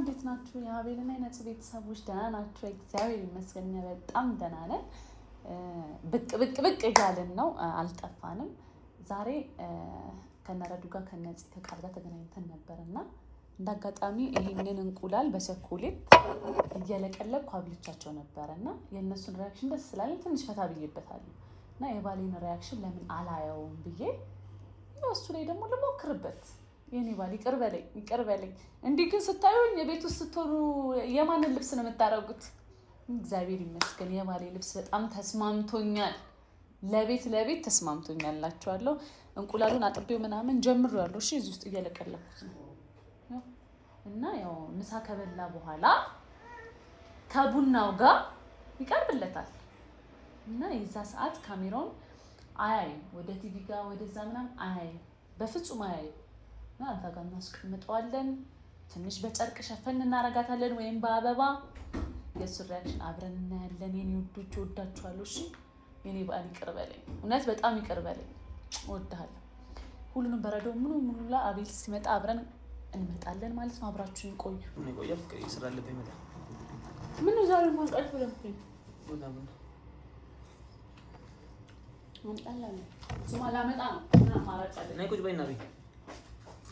እንዴት ናችሁ? የአቤልና የነጽ ቤተሰቦች ደህና ናቸው? እግዚአብሔር ይመስገን በጣም ደህና ነን። ብቅ ብቅ ብቅ እያልን ነው፣ አልጠፋንም። ዛሬ ከነረዱ ጋር ከነፂ ከቃል ጋር ተገናኝተን ነበር እና እንደ አጋጣሚ ይህንን እንቁላል በቸኮሌት እየለቀለኩ አብልቻቸው ነበረ እና የእነሱን ሪያክሽን ደስ ስላለኝ ትንሽ ፈታ ብዬበታለሁ እና የባሌን ሪያክሽን ለምን አላየውም ብዬ እሱ ላይ ደግሞ ልሞክርበት የኔ ባል ይቅር በለኝ ይቅር በለኝ። እንዲህ ግን ስታዩኝ የቤት ውስጥ ስትሆኑ የማንን ልብስ ነው የምታደርጉት? እግዚአብሔር ይመስገን የባሌ ልብስ በጣም ተስማምቶኛል። ለቤት ለቤት ተስማምቶኛል ላችኋለሁ። እንቁላሉን አጥቤው ምናምን ጀምሬያለሁ። እሺ እዚህ ውስጥ እየለቀለኩት ነው እና ያው ምሳ ከበላ በኋላ ከቡናው ጋር ይቀርብለታል እና የዛ ሰዓት ካሜራውን አያይም፣ ወደ ቲቪ ጋር ወደዛ ምናምን አያይም፣ በፍጹም አያይም። አልጋ ጋር እናስቀምጠዋለን። ትንሽ በጨርቅ ሸፈን እናረጋታለን ወይም በአበባ የእሱ ሪያክሽን አብረን እናያለን። የኔ ውዶች ወዳችኋለሁ። እሺ የኔ በዓል ይቅር በለኝ፣ እውነት በጣም ይቅር በለኝ። እወድሃለሁ። ሁሉንም በረዶ ምኑ ሙሉላ አቤል ሲመጣ አብረን እንመጣለን ማለት ነው። አብራችሁን ቆዩ። ምን ዛሬ ማንቃት ብለ ማንቃላለ ሱማ ላመጣ ነው ና ማረጫለ ናይ ቁጭ በይና ቤት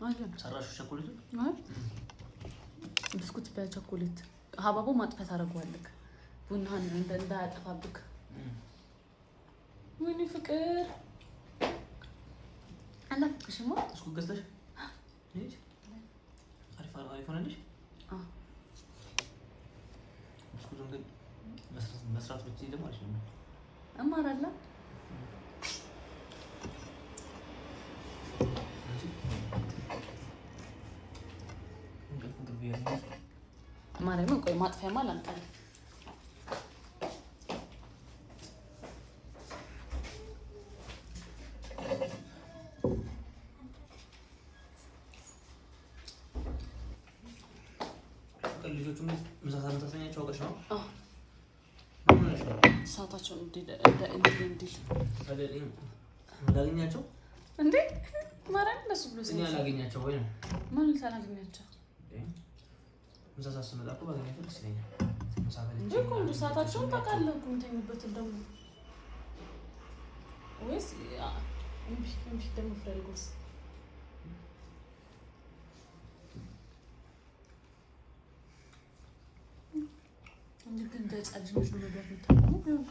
ሰራሹ ቸኮሌቱ ብስኩት በቸኮሌት ሀባቦ ማጥፋት አደርገዋለክ ቡናህን እንዳያጠፋብክ። ወይኔ ፍቅር አላፍቅሽማ። ብስኩት ገዝተሽ አሪፍ አሪፍ ሆነልሽ። ብስኩቱን ግን መስራት ብትይ ደግሞ አሪፍ ነው። እማራለሁ ማርያምን ቆይ ማጥፊያ ላምጣልህ። ልጆቹ ምሳሳምታሰኛቸው አውቀሽ ነው እንዳገኛቸው እንዴ ማርያምን ደስ ብሎ አላገኛቸው ወይ ነው ምን ሳላገኛቸው ምሳ ሰዓት ስመጣ እኮ ባገኘት ደስ ይለኛል። እንደ ቆንጆ ሰዓታቸውን ታውቃለህ እኮ የምተኙበትን ደግሞ ወይስ እምቢ እምቢ ደግሞ ፍረልጎስ እንግዲህ እንደ ህፃን ልጆች ነው መብላት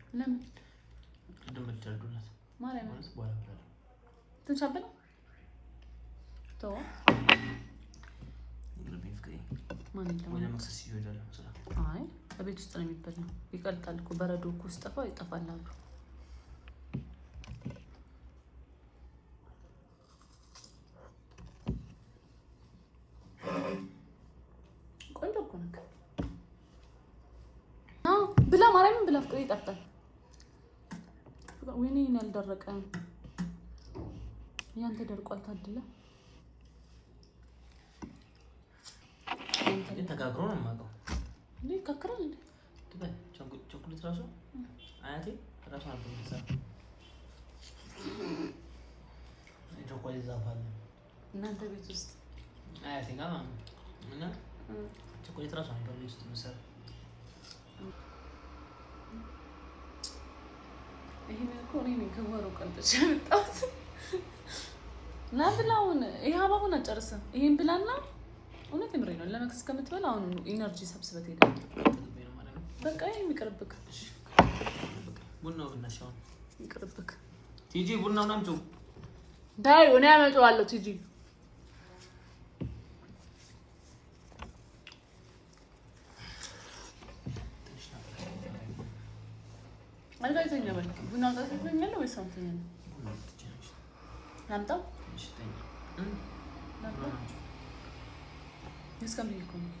የምታውቀው። ለምን ማርያም ትንሽ አበላ ተወው። አይ በቤት ውስጥ ነው የሚበላው። ይቀልጣል እኮ በረዶ እኮ ውስጥ ይጠፋል አሉ። ቆንጆ እኮ ነው ብላ ማርያምን ብላ ፍቅሬ ይጠፍጣል። ጋር ወይኔ ያልደረቀ ያንተ ደርቋል። ታድለ ተጋግሮ ነው የማውቀው። ይካክራል እንዴ ቸኩሌት ራሱ አያቴ ራሱ አልኩ ቸኮሌት ዛፍ አለ እናንተ ቤት ውስጥ አያቴ ጋር ማለት ነው እና ቸኮሌት ራሱ አንዱ ውስጥ መሰረት ይህንን እኮ እኔ ነኝ ከጓሮ ቀልጥቼ የመጣሁት። ና ብላ አሁን ይህ ሀባቡን አጨርስም ይህን ብላና፣ እውነት የምሬ ነው። ለመክሰስ ከምትበላ አሁን ኢነርጂ ሰብስበት ሄደ። በቃ ይህ የሚቀርብክ ቡና ቡና ዳዩ እኔ ያመጣዋለሁ ቲጂ አልጋዜኛ በል ቡና ጋዜኛለ ወይ ሰምተኛ ነው ናምጣው እስከምልኮ ነው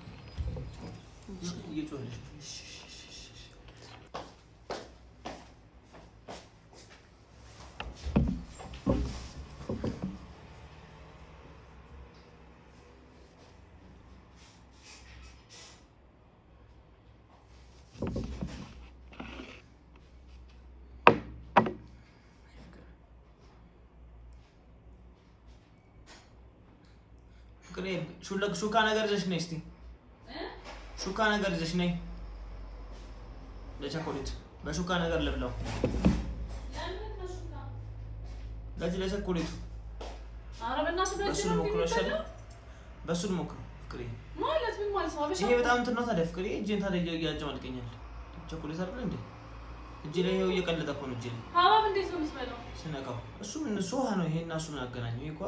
እኔ ሹካ ነገር ይዘሽ ነይ እስኪ ሹካ ነገር ይዘሽ ነይ። ለቸኮሌት በሹካ ነገር ልብላው። ለዚህ ለቸኮሌቱ በእሱ ልሞክረው። ፍቅሬ ይሄ በጣም እንትን ነው። ታዲያ ፍቅሬ እጄን ታዲያ እያጀው አልቀኛል። ቸኮሌት አይደል እንዴ? እጅ ላይ ይኸው እየቀለጠ እኮ ነው። እጅ ላይ ሀባብ እንዴት ነው የምትበላው? ስነካው እሱ ምን ውሃ ነው ይሄና እሱ ምን አገናኘው? ይሄ እኮ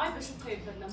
አይ በሹካ ይበላል።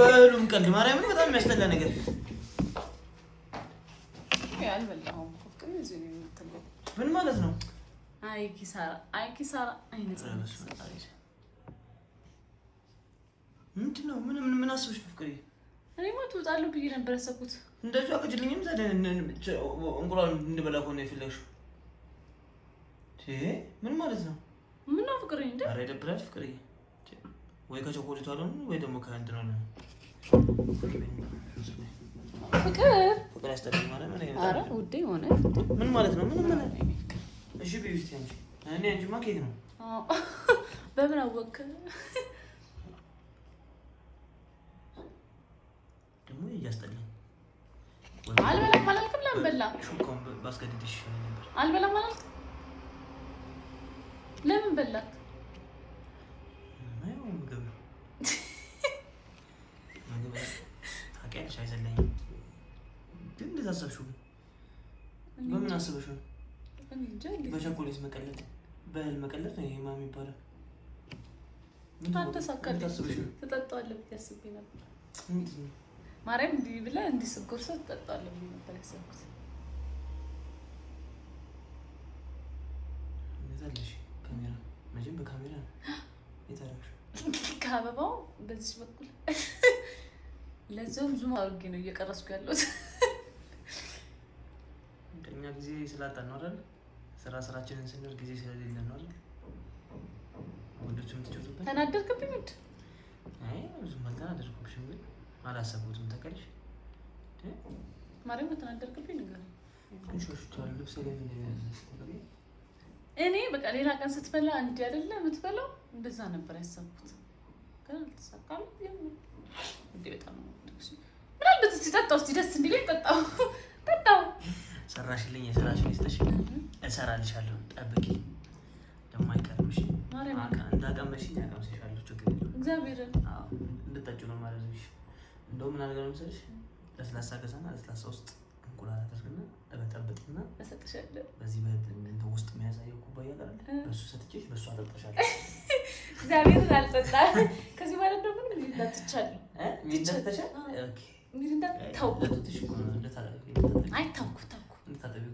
በሉም ቀልድ ማርያም ነው። በጣም የሚያስጠላ ነገር ምን ማለት ነው? አይ ኪሳራ፣ አይ ኪሳራ፣ ምንድን ነው? ምን ምን ምን አስበሽ ነው ፍቅሬ? እኔማ ትወጣለሁ ብዬ ነበር ያሰብኩት። እንደዚሁ አቅጅልኝም ታዲያ እንቁላል እንድበላ ከሆነ የፈለግሽው ምን ማለት ነው? ምነው ፍቅሬ? እንደ ኧረ ይደብራል ፍቅሬ። ወይ ከቸኮሌቱ አለ ወይ ደግሞ ከእንትን ነው ምን ማለት ነው? ምን እሺ፣ ቤቢስቲ አንቺ እኔ አንቺማ ኬት ነው በምን አወቅ ደግሞ እያስጠላኝ አልበላም አላልክም? ለምን በላ ባስገድድሽ ነበር። አልበላም አላልክም? ለምን በላት? እንዴት አሰብሽው? በምን አስበሽ ነው? በቸኮሌት መቀለጥ፣ በእህል መቀለጥ ነው ይሄማ የሚባለው። ማርያም እንዲህ ብለህ እንዲህ ስትጎርሰው ትጠጣዋለህ ብዬ ነበር ያሰብኩት። ካሜራ መቼም በካሜራ ነው ከአበባው በዚህ በኩል ለዛውም ዙም አድርጌ ነው እየቀረስኩ ያለሁት። እኛ ጊዜ ስላጣን ነው አይደል? ስራ ስራችንን ስንል ጊዜ ስለሌለ ነው አይደል? ወንዶች የምትችሉበት ተናደርክብኝ። ውድ አይ ብዙም አልተናደርኩብሽም፣ ግን አላሰብኩትም። ተቀልሽ ማርያም ተናደርክብኝ። ልብስ እኔ በቃ ሌላ ቀን ስትበላ እንዲ አይደለ የምትበላው እንደዛ ነበር ያሰብኩት፣ ግን አልተሳካም። እንዴ በጣም ምናልባት እስኪ ጠጣው እስኪ ደስ እንዲለኝ ጠጣው ጠጣው ሰራሽልኝ የሰራሽን ስተሽ እሰራልሻለሁ። ጠብቂ ደግሞ አይቀርምሽ። እንዳቀመሽኝ አቀምስሻለሁ። ችግር እንድጠጭ ነው ማለት እንደው ምን አድርገን መሰለሽ ለስላሳ ገዛና ለስላሳ ውስጥ እንቁላል አደርግና እበጠብጥና በዚህ ውስጥ የሚያሳየው ኩባያ ጋር በሱ ሰጥቼሽ በሱ አጠጣሻለሁ። እግዚአብሔርን አልጠጣ ከዚህ ማለት ደግሞ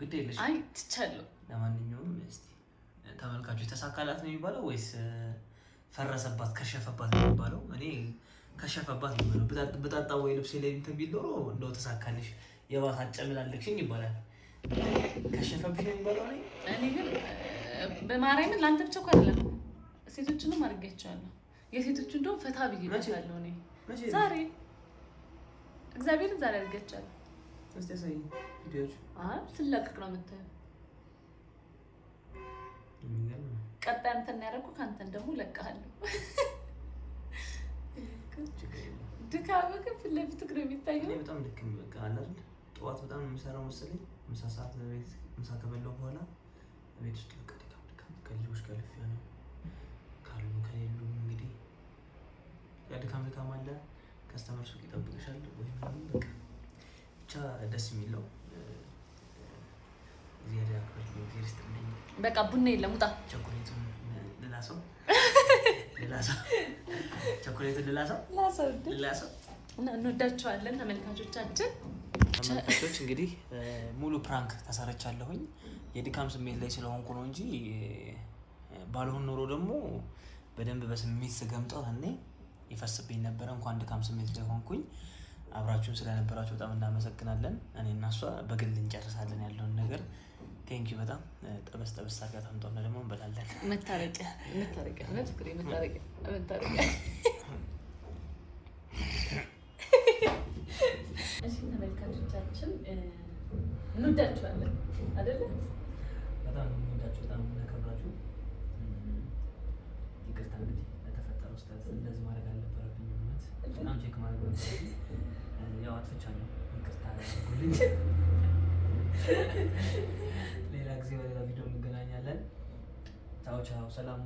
ግድ የለሽ። አይ ትቻለሁ። ለማንኛውም እስኪ ተመልካቹ የተሳካላት ነው የሚባለው ወይስ ፈረሰባት ከሸፈባት ነው የሚባለው? እኔ ከሸፈባት ነው የሚባለው። ብጣጣ ወይ ልብስ ላይ እንትን ቢል ኖሮ እንደው ተሳካልሽ የባት አጨምላለክሽኝ ይባላል። ከሸፈብሽ ነው የሚባለው። እኔ ግን በማርያምን ለአንተ ብቻ እኮ አይደለም ሴቶችንም አድርጌያቸዋለሁ። የሴቶች እንደውም ፈታ ብዬ እኔ ዛሬ እግዚአብሔርን ዛሬ አድርጌያቸዋለሁ። እስቲ ያሳይ። ቪዲዮዎች አይ ስለቀቅ ነው የምታየው። ቀጣይ አንተን ነው ከአንተን ደግሞ ለቀሃለሁ። ድካም ግን ፊት ለፊቱ ነው የሚታየው። እኔ በጣም ድክም በቃ አለ አይደል? ጠዋት በጣም ነው መሰለኝ። ምሳ ሰዓት ቤት ምሳ ከበላሁ በኋላ ቤት ውስጥ በቃ ድካም ድካም ከልጆች ከልፍ ያለ ካሉ ከሌሉ እንግዲህ ያ ድካም ድካም አለ። ከስተመር ሱቅ ይጠብቅሻል ወይም በቃ ብቻ ደስ የሚለው እግዚአብሔር እግዚአብሔር ይስጥልኝ። በቃ ቡና የለም ውጣ። ቸኮሌቱን ሌላ ቸኮሌቱን እና እንወዳችኋለን ተመልካቾቻችን። ተመልካቾች እንግዲህ ሙሉ ፕራንክ ተሰረቻለሁኝ የድካም ስሜት ላይ ስለሆንኩ ነው እንጂ ባልሆን ኖሮ ደግሞ በደንብ በስሜት ስገምጠው እኔ ይፈስብኝ ነበረ። እንኳን ድካም ስሜት ላይ ሆንኩኝ። አብራችሁን ስለነበራችሁ በጣም እናመሰግናለን። እኔ እና እሷ በግል እንጨርሳለን ያለውን ነገር ቴንኪ በጣም ጠበስ ጠበስ አርጋ ታምጧና ደግሞ እንበላለን። መታረቂያ እሺ ተመልካቾቻችን እንወዳችኋለን፣ አይደለ? በጣም እንወዳችሁ፣ በጣም እናከብራችሁ። ይቅርታ እንግዲህ ለተፈጠረው ስህተት እንደዚህ ማድረግ አልነበረብኝም። እውነት በጣም ቼክ ማድረግ ጥፋቶቻለሁ ይቅርታ አድርጉልኝ። ሌላ ጊዜ በሌላ ቪዲዮ እንገናኛለን። ቻው ቻው። ሰላም